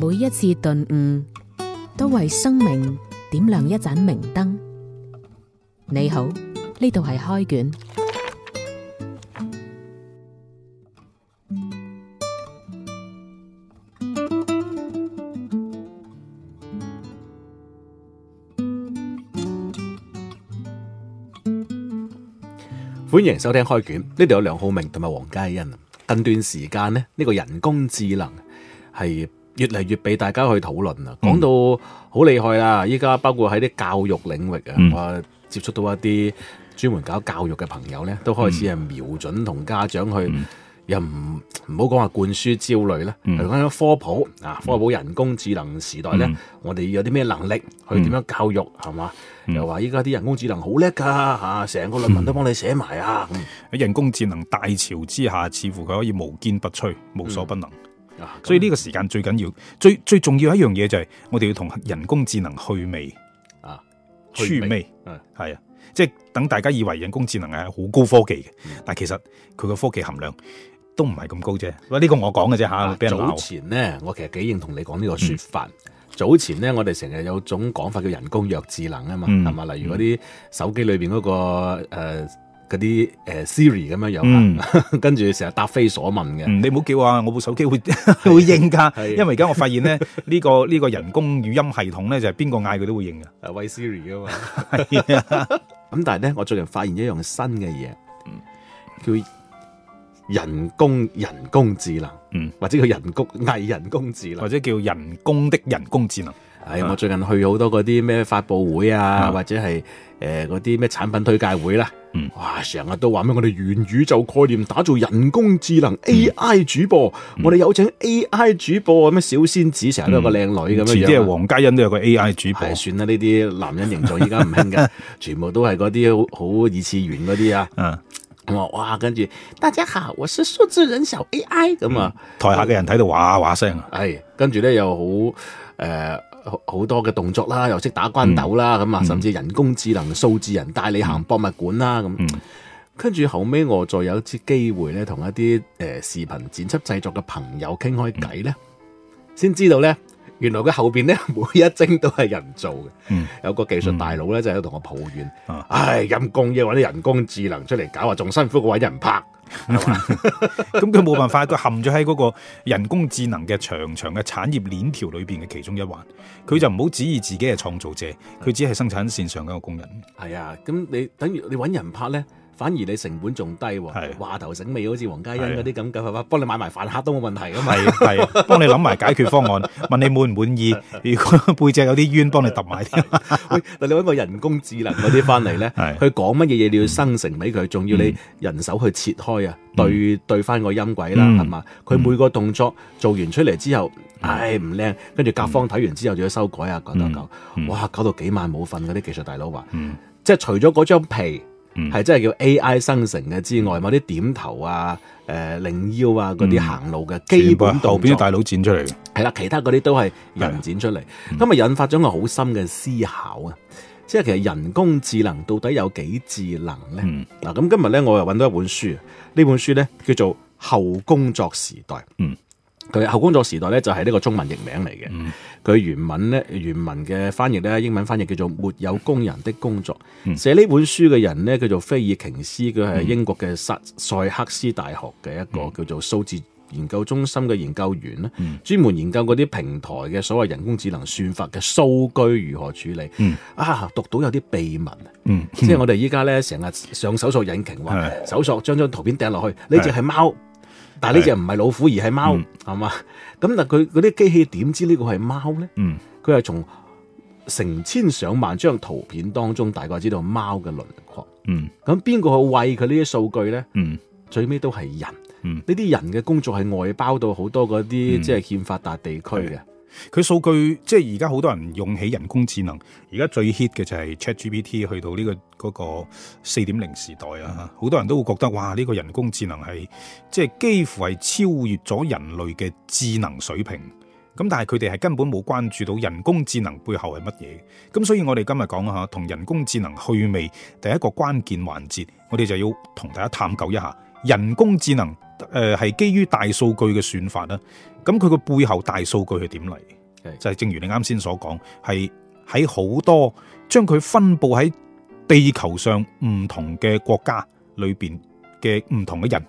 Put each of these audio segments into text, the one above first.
每一次頓悟，都為生命點亮一盞明燈。你好，呢度係開卷，歡迎收聽開卷。呢度有梁浩明同埋黃嘉欣。近段時間呢，呢個人工智能係。越嚟越俾大家去討論啦，講、嗯、到好厲害啦！依家包括喺啲教育領域啊，我、嗯、接觸到一啲專門搞教育嘅朋友咧，都開始係瞄準同家長去，嗯、又唔唔好講話灌輸焦慮啦。係講緊科普啊，科普人工智能時代咧，嗯、我哋有啲咩能力去點樣教育，係嘛、嗯？又話依家啲人工智能好叻噶吓，成個論文都幫你寫埋啊！喺、嗯嗯、人工智能大潮之下，似乎佢可以無堅不摧，無所不能。嗯啊、所以呢個時間最緊要，最最重要一樣嘢就係我哋要同人工智能去味啊，去味，係啊，即係等大家以為人工智能係好高科技嘅，嗯、但係其實佢個科技含量都唔係咁高啫。喂，呢個我講嘅啫吓，啊、早前咧，我其實幾認同你講呢個說法。嗯、早前咧，我哋成日有種講法叫人工弱智能啊嘛，係嘛，嗯、例如嗰啲手機裏邊嗰、嗰個誒。呃嗰啲誒 Siri 咁樣樣啊，跟住成日答非所問嘅、嗯，你唔好叫啊！我部手機會 會應噶，因為而家我發現咧，呢、 呢個呢、呢個人工語音系統咧就係邊個嗌佢都會應噶，喂 Siri 啊嘛，係 咁 但係咧，我最近發現一樣新嘅嘢，叫人工人工智能，嗯，或者叫人工藝人工智能，或者叫人工的人工智能。係、哎、我最近去好多嗰啲咩發佈會啊，的或者係誒嗰啲咩產品推介會啦、啊。嗯、哇，成日都話咩我哋元宇宙概念打造人工智能 AI 主播，嗯、我哋有請 AI 主播，咩小仙子成日都有個靚女咁樣。即係黃嘉欣都有個、嗯、有個 AI 主播。嗯、算啦，呢啲男人形象依家唔興噶， 全部都係嗰啲好二次元嗰啲啊。咁啊、嗯嗯，哇，跟住大家好，我是數字人小 AI 咁啊、嗯，台下嘅人睇到哇哇聲啊。係、嗯嗯，跟住咧又好誒。呃呃好多嘅動作啦，又識打關斗啦，咁啊、嗯，甚至人工智能數、嗯、字人帶你行博物館啦，咁、嗯嗯，跟住後尾，我再有一次機會咧，同一啲誒視頻剪輯製作嘅朋友傾開偈咧，先、嗯、知道咧，原來佢後邊咧每一幀都係人造嘅，嗯、有個技術大佬咧就喺度同我抱怨，嗯嗯、唉，人工嘢搵啲人工智能出嚟搞啊，仲辛苦過搵人拍。咁佢冇辦法，佢陷咗喺嗰個人工智能嘅長長嘅產業鏈條裏邊嘅其中一環，佢就唔好指意自己係創造者，佢只係生產線上嘅一個工人。係啊，咁你等於你搵人拍咧。反而你成本仲低喎，話頭醒尾好似黃家欣嗰啲咁嘅，幫你買埋飯盒都冇問題噶嘛。係啊，係幫你諗埋解決方案，問你滿唔滿意？如果背脊有啲冤，幫你揼埋添。喂，你揾個人工智能嗰啲翻嚟咧，佢講乜嘢嘢你要生成俾佢，仲要你人手去切開啊，對對翻個音軌啦，係嘛？佢每個動作做完出嚟之後，唉唔靚，跟住甲方睇完之後就要修改啊，講講哇搞到幾晚冇瞓嗰啲技術大佬話，即係除咗嗰張皮，係真係叫 A.I. 生成嘅之外，某啲點頭啊、誒、呃、擰腰啊嗰啲行路嘅、啊嗯、基本動作，後面大佬剪出嚟嘅。係啦，其他嗰啲都係人剪出嚟。咁今日引發咗個好深嘅思考啊！嗯、即係其實人工智能到底有幾智能咧？嗱、嗯，咁今日咧我又搵到一本書，呢本書咧叫做《後工作時代》。嗯佢《後工作時代》咧就係呢個中文譯名嚟嘅。佢原文咧，原文嘅翻譯咧，英文翻譯叫做《沒有工人的工作》。寫呢本書嘅人呢，叫做菲爾瓊斯，佢係英國嘅塞塞克斯大學嘅一個叫做數字研究中心嘅研究員啦，專門研究嗰啲平台嘅所謂人工智能算法嘅數據如何處理。啊，讀到有啲秘密，即係我哋依家咧成日上搜索引擎，搜索將張圖片掟落去，呢隻係貓。但呢隻唔係老虎，而係貓，係嘛，嗯？咁但佢嗰啲機器點知個呢個係貓呢？佢係、嗯、從成千上萬張圖片當中大概知道貓嘅輪廓。咁邊個去餵佢呢啲數據呢？嗯、最尾都係人。呢啲、嗯、人嘅工作係外包到好多嗰啲即係欠發達地區嘅。嗯嗯嗯佢數據即係而家好多人用起人工智能。而家最 hit 嘅就係 Chat GPT 去到呢個嗰個四點零時代啊！好多人都會覺得哇，呢個人工智能係即係幾乎係超越咗人類嘅智能水平。咁但係佢哋係根本冇關注到人工智能背後係乜嘢。咁所以我哋今日講下，同人工智能去魅第一個關鍵環節，我哋就要同大家探究一下。人工智能誒係、呃、基於大數據嘅算法啦，咁佢個背後大數據係點嚟？是就係正如你啱先所講，係喺好多將佢分佈喺地球上唔同嘅國家裏邊嘅唔同嘅人，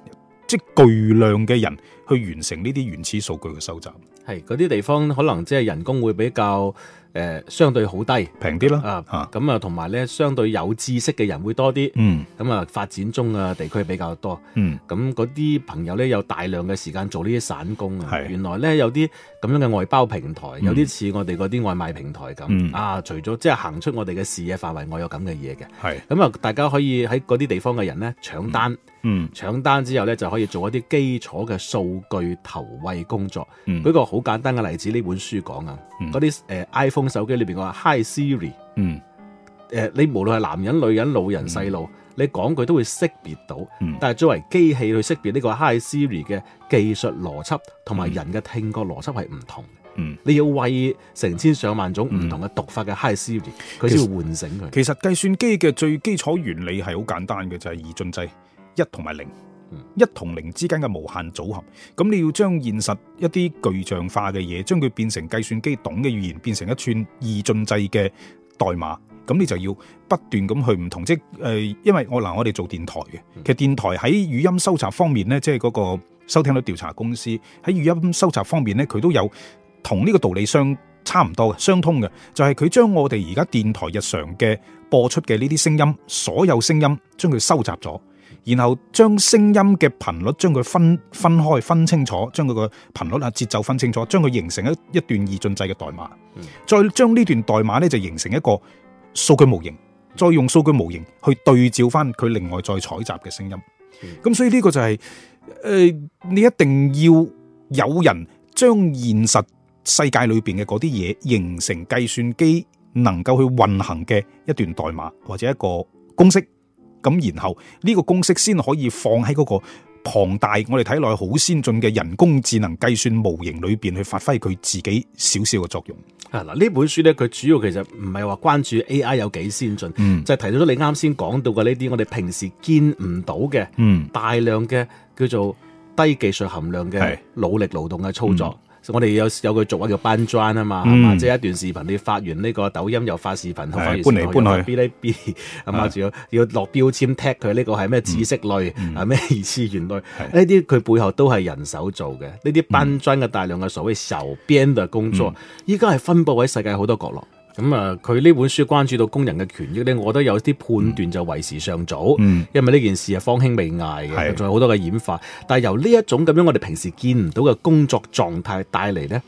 即、就係、巨量嘅人去完成呢啲原始數據嘅收集。係嗰啲地方可能即係人工會比較，誒、呃、相對好低，平啲咯啊！咁啊，同埋咧相對有知識嘅人會多啲，嗯，咁啊、嗯、發展中嘅地區比較多，嗯，咁嗰啲朋友咧有大量嘅時間做呢啲散工啊，是原來咧有啲咁樣嘅外包平台，有啲似我哋嗰啲外賣平台咁、嗯、啊，除咗即係行出我哋嘅視野範圍外，有咁嘅嘢嘅，係是，咁啊、嗯、大家可以喺嗰啲地方嘅人咧搶單。嗯嗯，搶單之後咧，就可以做一啲基礎嘅數據投餵工作。嗯、舉個好簡單嘅例子，呢本書講啊，嗰啲誒 iPhone 手機裏邊個 Hi Siri，誒、嗯呃、你無論係男人、女人、老人、細路、嗯，你講句都會識別到。嗯、但係作為機器去識別呢個 Hi Siri 嘅技術邏輯同埋人嘅聽覺邏輯係唔同。嗯、你要為成千上萬種唔同嘅讀法嘅 Hi Siri，佢先會喚醒佢。其實計算機嘅最基礎原理係好簡單嘅，就係、是、二進制。一同埋零，一同零之間嘅無限組合。咁你要將現實一啲具象化嘅嘢，將佢變成計算機懂嘅語言，變成一串二進制嘅代碼。咁你就要不斷咁去唔同，即係誒、呃，因為我嗱，我哋做電台嘅，其實電台喺語音收集方面呢，即係嗰個收聽率調查公司喺語音收集方面呢，佢都有同呢個道理相差唔多嘅、相通嘅就係、是、佢將我哋而家電台日常嘅播出嘅呢啲聲音，所有聲音將佢收集咗。然後將聲音的頻率將它分分開分清楚，將它的頻率節奏分清楚，將它形成一段二進制的代碼。再將這段代碼就形成一個數據模型，再用數據模型去對照返它另外再採集的聲音。咁所以這個就是呃，你一定要有人將現實世界裏面的那些嘢形成計算機能夠去運行的一段代碼或者一個公式。咁然後呢、這個公式先可以放喺嗰個龐大我哋睇落去好先進嘅人工智能計算模型裏邊去發揮佢自己少少嘅作用。係啦，呢本書咧，佢主要其實唔係話關注 AI 有幾先進，嗯，就係提到咗你啱先講到嘅呢啲我哋平時見唔到嘅，嗯，大量嘅叫做低技術含量嘅努力勞動嘅操作。我哋有有句俗話叫搬磚啊嘛，係嘛，即係一段視頻，你發完呢個抖音又發視頻，同埋搬嚟搬去，Bilibili 咁啊，仲要要落標籤，踢佢呢個係咩知識類，係咩二次元類，呢啲佢背後都係人手做嘅，呢啲搬磚嘅大量嘅所謂手編嘅工作，依家係分佈喺世界好多角落。咁啊，佢呢、嗯、本書關注到工人嘅權益咧，我覺得有啲判斷就為時尚早，嗯、因為呢件事係方興未艾嘅，仲有好多嘅演化。但係由呢一種咁樣我哋平時見唔到嘅工作狀態帶嚟咧，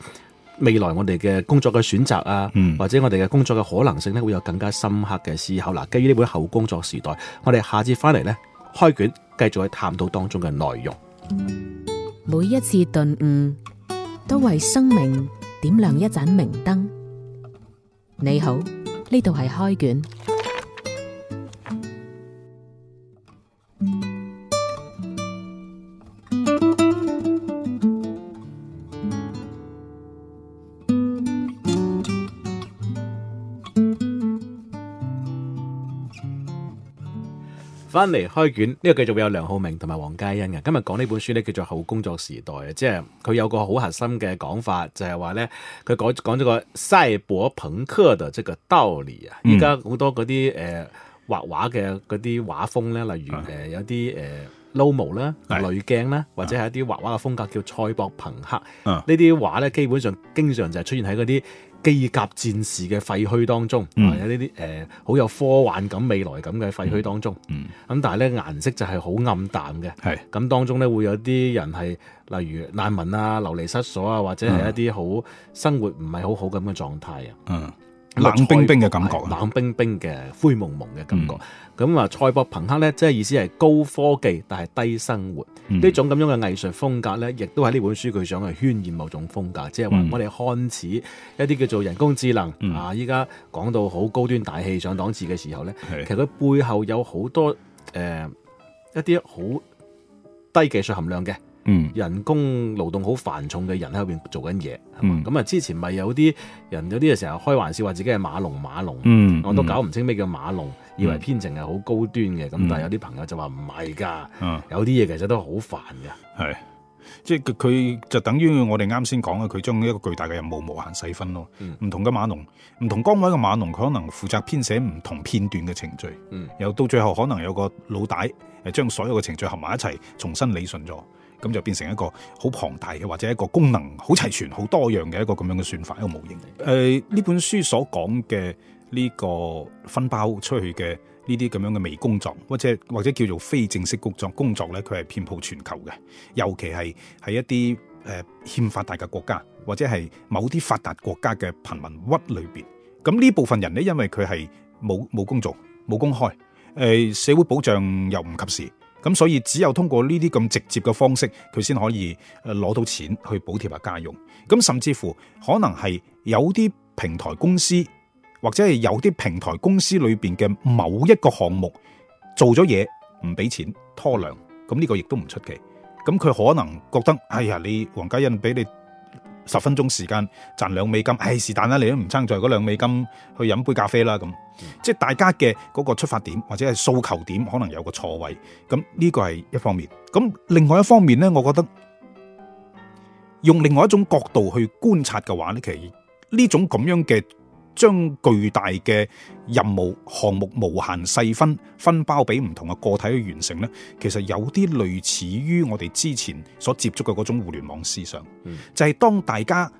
未來我哋嘅工作嘅選擇啊，嗯、或者我哋嘅工作嘅可能性咧，會有更加深刻嘅思考。嗱，基於呢本後工作時代，我哋下次翻嚟呢開卷繼續去探討當中嘅內容。每一次頓悟，都為生命點亮一盞明燈。你好，呢度係開卷。翻嚟開卷，呢、這個繼續會有梁浩明同埋黃嘉欣嘅。今日講呢本書咧叫做《後工作時代》啊，即係佢有個好核心嘅講法，就係話咧，佢講講咗個賽博朋克的這個道理啊。依家好多嗰啲誒畫畫嘅嗰啲畫風咧，例如誒、啊呃、有啲誒、呃、Lomo 啦、呃、濾、呃呃、鏡啦，或者係一啲畫畫嘅風格叫賽博朋克。嗯嗯、畫呢啲畫咧基本上經常就係出現喺嗰啲。機甲戰士嘅廢墟當中，有呢啲誒好有科幻感、未來感嘅廢墟當中，咁、嗯嗯、但係咧顏色就係好暗淡嘅。咁是當中咧會有啲人係，例如難民啊、流離失所啊，或者係一啲好、嗯、生活唔係好好咁嘅狀態啊。嗯冷冰冰嘅感覺，嗯、冷冰冰嘅灰蒙蒙嘅感覺。咁啊、嗯，蔡博朋克咧，即係意思係高科技但係低生活呢、嗯、種咁樣嘅藝術風格咧，亦都係呢本書佢想去渲染某種風格，即係話我哋看似一啲叫做人工智能、嗯、啊，依家講到好高端大氣上檔次嘅時候咧，的其實佢背後有好多誒、呃、一啲好低技術含量嘅。嗯，人工勞動好繁重嘅人喺入邊做緊嘢，係嘛、嗯？咁啊，嗯、之前咪有啲人有啲啊，成日開玩笑話自己係馬龍馬龍，嗯、我都搞唔清咩叫馬龍，嗯、以為編程係好高端嘅。咁、嗯、但係有啲朋友就話唔係噶，嗯、有啲嘢其實都好煩噶，係。即係佢就等於我哋啱先講嘅，佢將一個巨大嘅任務無限細分咯，唔、嗯、同嘅碼農，唔同崗位嘅碼農，佢可能負責編寫唔同片段嘅程序，又、嗯、到最後可能有個老大誒將所有嘅程序合埋一齊重新理順咗，咁就變成一個好龐大嘅或者一個功能好齊全、好多樣嘅一個咁樣嘅算法一個模型嚟。誒、嗯，呢、呃、本書所講嘅呢個分包出去嘅。呢啲咁樣嘅微工作，或者或者叫做非正式工作，工作呢，佢係遍佈全球嘅，尤其係喺一啲誒、呃、欠發達嘅國家，或者係某啲發達國家嘅貧民窟裏邊。咁呢部分人呢，因為佢係冇冇工作、冇工開，誒、呃、社會保障又唔及時，咁所以只有通過呢啲咁直接嘅方式，佢先可以誒攞、呃、到錢去補貼下家用。咁甚至乎可能係有啲平台公司。或者係有啲平台公司裏邊嘅某一個項目，做咗嘢唔俾錢、拖糧，咁呢個亦都唔出奇。咁佢可能覺得，哎呀，你黃家欣俾你十分鐘時間賺兩美金，哎是但啦，你都唔爭在嗰兩美金去飲杯咖啡啦咁。即係大家嘅嗰個出發點或者係訴求點，可能有個錯位。咁呢個係一方面。咁另外一方面呢，我覺得用另外一種角度去觀察嘅話呢，其實呢種咁樣嘅。將巨大嘅任務項目無限細分，分包俾唔同嘅個體去完成咧，其實有啲類似於我哋之前所接觸嘅嗰種互聯網思想，嗯、就係當大家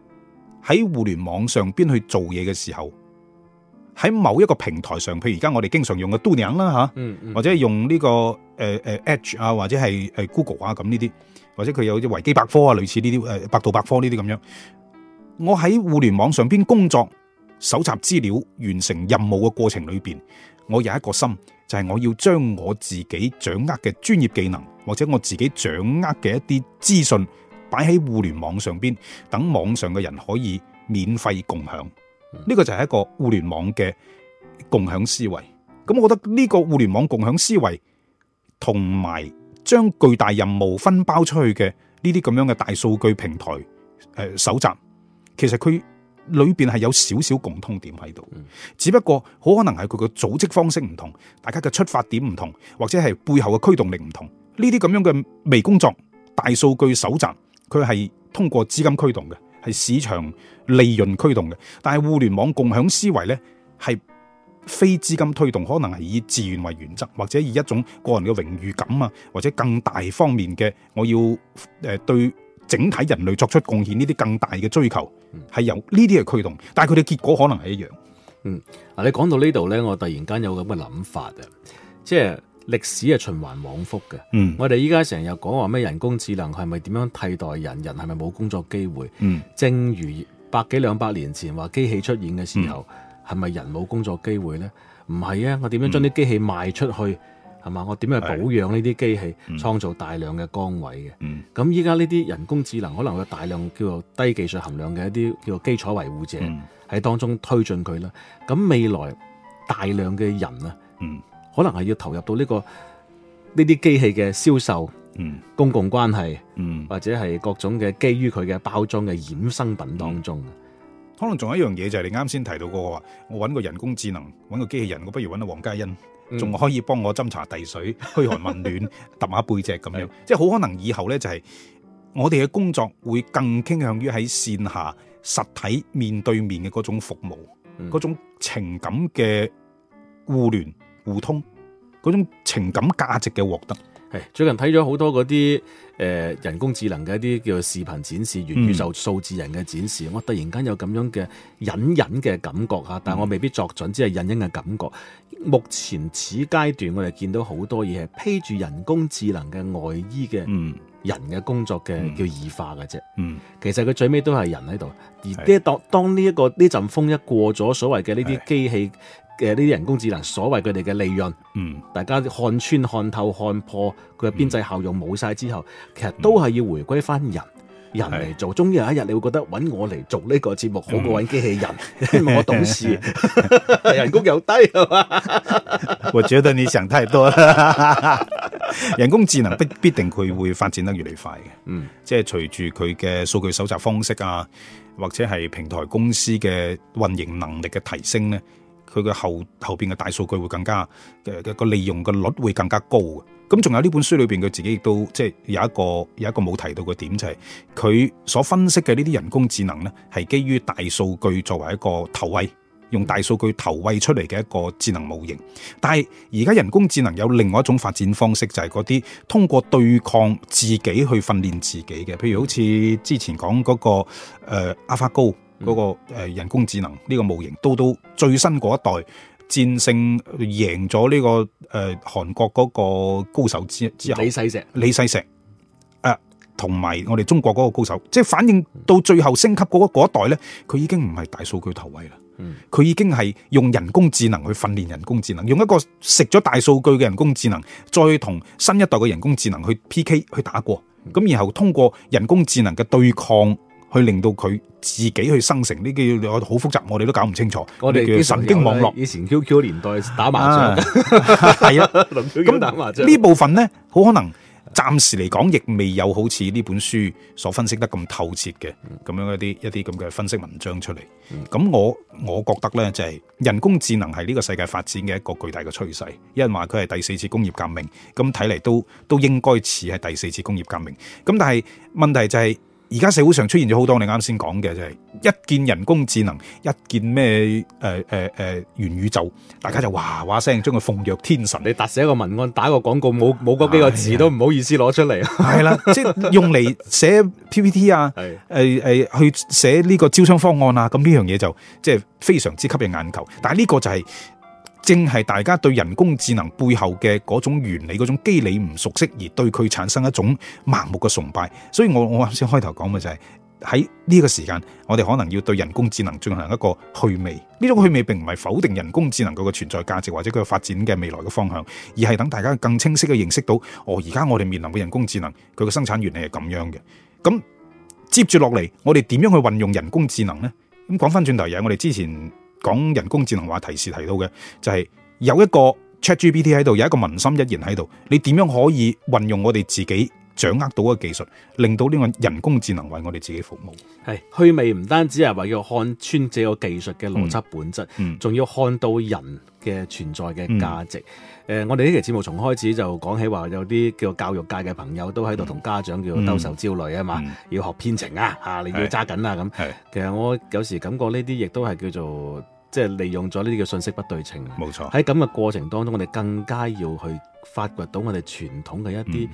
喺互聯網上邊去做嘢嘅時候，喺某一個平台上，譬如而家我哋經常用嘅 Duang 啦吓，或者係用呢、這個誒誒、呃、Edge 啊，或者係誒 Google 啊咁呢啲，或者佢有啲維基百科啊類似呢啲誒百度百科呢啲咁樣，我喺互聯網上邊工作。搜集資料完成任務嘅過程裏邊，我有一個心，就係、是、我要將我自己掌握嘅專業技能或者我自己掌握嘅一啲資訊擺喺互聯網上邊，等網上嘅人可以免費共享。呢、這個就係一個互聯網嘅共享思維。咁我覺得呢個互聯網共享思維同埋將巨大任務分包出去嘅呢啲咁樣嘅大數據平台誒、呃，搜集其實佢。裏邊係有少少共通點喺度，只不過好可能係佢個組織方式唔同，大家嘅出發點唔同，或者係背後嘅驅動力唔同。呢啲咁樣嘅微工作、大數據搜集，佢係通過資金驅動嘅，係市場利潤驅動嘅。但係互聯網共享思維呢，係非資金推動，可能係以自願為原則，或者以一種個人嘅榮譽感啊，或者更大方面嘅我要誒、呃、對。整體人類作出貢獻呢啲更大嘅追求，係由呢啲嘅驅動，但係佢哋結果可能係一樣。嗯，嗱你講到呢度咧，我突然間有咁嘅諗法啊，即係歷史係循環往復嘅。嗯，我哋依家成日講話咩人工智能係咪點樣替代人，人係咪冇工作機會？嗯，正如百幾兩百年前話機器出現嘅時候，係咪、嗯、人冇工作機會咧？唔係啊，我點樣將啲機器賣出去？嗯係嘛？我點樣去保養呢啲機器，嗯、創造大量嘅崗位嘅？咁依家呢啲人工智能可能有大量叫做低技術含量嘅一啲叫做基礎維護者、嗯，喺當中推進佢啦。咁未來大量嘅人啊，嗯、可能係要投入到呢、呢個呢啲機器嘅銷售、嗯、公共關係，嗯、或者係各種嘅基於佢嘅包裝嘅衍生品當中。嗯嗯、可能仲有一樣嘢就係你啱先提到過我揾個人工智能，揾個機器人，我不如揾阿黃家欣。仲可以幫我斟茶遞水，噓寒問暖，揼下 背脊咁樣，是即係好可能以後呢、就是，就係我哋嘅工作會更傾向於喺線下實體面對面嘅嗰種服務，嗰、嗯、種情感嘅互聯互通，嗰種情感價值嘅獲得。最近睇咗好多嗰啲誒人工智能嘅一啲叫做視頻展示、元宇宙數字人嘅展示，嗯、我突然間有咁樣嘅隱隱嘅感覺吓，但係我未必作準，只係隱隱嘅感覺。目前此階段，我哋見到好多嘢係披住人工智能嘅外衣嘅、嗯、人嘅工作嘅、嗯、叫異化嘅啫。嗯、其實佢最尾都係人喺度，而呢、嗯、當當呢一個呢陣風一過咗，所謂嘅呢啲機器嘅呢啲人工智能，所謂佢哋嘅利潤，嗯，大家看穿、看透、看破，佢嘅邊際效用冇晒之後，其實都係要回歸返人，嗯、人嚟做。終於有一日，你會覺得揾我嚟做呢個節目好過揾機器人，嗯、我懂事， 人工又低，係嘛？我覺得你想太多了。 人工智能必必定佢會發展得越嚟越快嘅，嗯，即係隨住佢嘅數據搜集方式啊，或者係平台公司嘅運營能力嘅提升咧。佢嘅後後邊嘅大數據會更加嘅嘅個利用嘅率會更加高嘅，咁仲有呢本書裏邊佢自己亦都即係有一個有一個冇提到嘅點，就係、是、佢所分析嘅呢啲人工智能呢，係基於大數據作為一個投喂，用大數據投喂出嚟嘅一個智能模型。但係而家人工智能有另外一種發展方式，就係嗰啲通過對抗自己去訓練自己嘅，譬如好似之前講嗰、那個、呃、AlphaGo。嗰個誒人工智能呢個模型到到最新嗰一代戰勝贏咗呢個誒、呃、韓國嗰個高手之之後李世石李世石誒同埋我哋中國嗰個高手，即係反映到最後升級嗰一代呢，佢已經唔係大數據投喂啦，佢、嗯、已經係用人工智能去訓練人工智能，用一個食咗大數據嘅人工智能，再同新一代嘅人工智能去 PK 去打過，咁然後通過人工智能嘅對抗。去令到佢自己去生成呢啲，我好複雜，我哋都搞唔清楚。我哋啲神經網絡，以前 QQ 年代打麻雀，係啊，咁打麻雀呢部分咧，好可能暫時嚟講，亦未有好似呢本書所分析得咁透徹嘅，咁樣一啲一啲咁嘅分析文章出嚟。咁我我覺得咧，就係人工智能係呢個世界發展嘅一個巨大嘅趨勢。有人話佢係第四次工業革命，咁睇嚟都都應該似係第四次工業革命。咁但係問題就係。而家社會上出現咗好多你啱先講嘅，就係、是、一件人工智能，一件咩誒誒誒元宇宙，大家就哇哇聲將佢奉若天神。你打寫一個文案、打一個廣告，冇冇嗰幾個字都唔好意思攞出嚟。係啦、哎呀，即係、 就是、用嚟寫 PPT 啊，係誒誒去寫呢個招商方案啊，咁呢樣嘢就即係非常之吸引眼球。但係呢個就係、是。正係大家對人工智能背後嘅嗰種原理，嗰種機理唔熟悉，而對佢產生一種盲目嘅崇拜。所以我我啱先開頭講嘅就係喺呢個時間，我哋可能要對人工智能進行一個去魅。呢種去魅並唔係否定人工智能佢嘅存在價值或者佢嘅發展嘅未來嘅方向，而係等大家更清晰嘅認識到，哦，而家我哋面臨嘅人工智能佢嘅生產原理係咁樣嘅。咁接住落嚟，我哋點樣去運用人工智能呢？咁講翻轉頭又，我哋之前。講人工智能話題時提到嘅，就係有一個 ChatGPT 喺度，有一個文心一言喺度，你點樣可以運用我哋自己掌握到嘅技術，令到呢個人工智能為我哋自己服務？係，去魅唔單止係話要看穿這個技術嘅邏輯本質，仲、嗯、要看到人嘅存在嘅價值。誒、嗯呃，我哋呢期節目從開始就講起，話有啲叫教育界嘅朋友都喺度同家長叫兜售焦慮啊嘛，要學編程啊，吓你要揸緊啊咁。係是，其實我有時感覺呢啲亦都係叫做。即係利用咗呢啲嘅信息不對稱，冇錯錯。喺咁嘅過程當中，我哋更加要去發掘到我哋傳統嘅一啲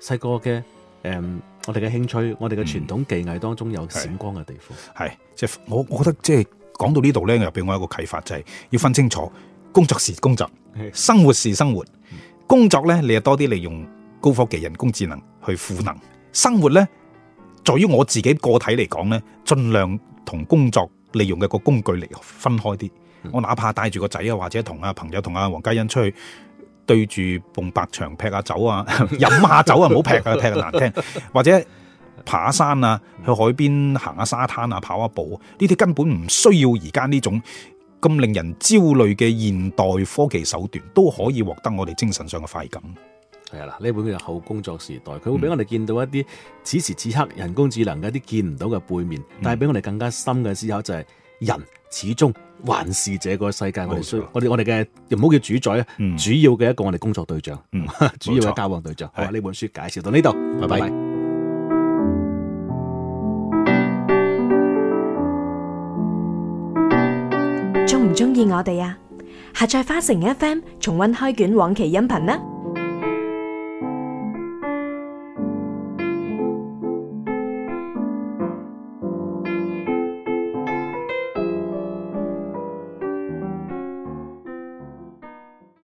細個嘅誒，我哋嘅興趣，嗯、我哋嘅傳統技藝當中有閃光嘅地方。係，即係我我覺得即係講到呢度咧，又俾我一個啟發，就係、是、要分清楚工作是工作，生活是生活。的工作咧，你又多啲利用高科技、人工智能去賦能；生活咧，在於我自己個體嚟講咧，盡量同工作，利用嘅個工具嚟分開啲，嗯、我哪怕帶住個仔啊，或者同啊朋友同阿黃家欣出去對住紅白牆劈下酒啊，飲 下酒啊，唔好劈啊， 劈得難聽，或者爬下山啊，嗯、去海邊行下沙灘啊，跑下步，呢啲根本唔需要而家呢種咁令人焦慮嘅現代科技手段，都可以獲得我哋精神上嘅快感。係啦，呢本叫《後工作時代》，佢會俾我哋見到一啲此時此刻人工智能嘅一啲見唔到嘅背面，但係俾我哋更加深嘅思考就係、是，人始終還是這個世界錯我哋需我哋我哋嘅唔好叫主宰啊，嗯、主要嘅一個我哋工作對象，嗯、主要嘅交往對象。錯好係呢本書介紹到呢度，拜拜的。中唔中意我哋啊？下載花城 FM，重溫開卷往期音頻呢、啊。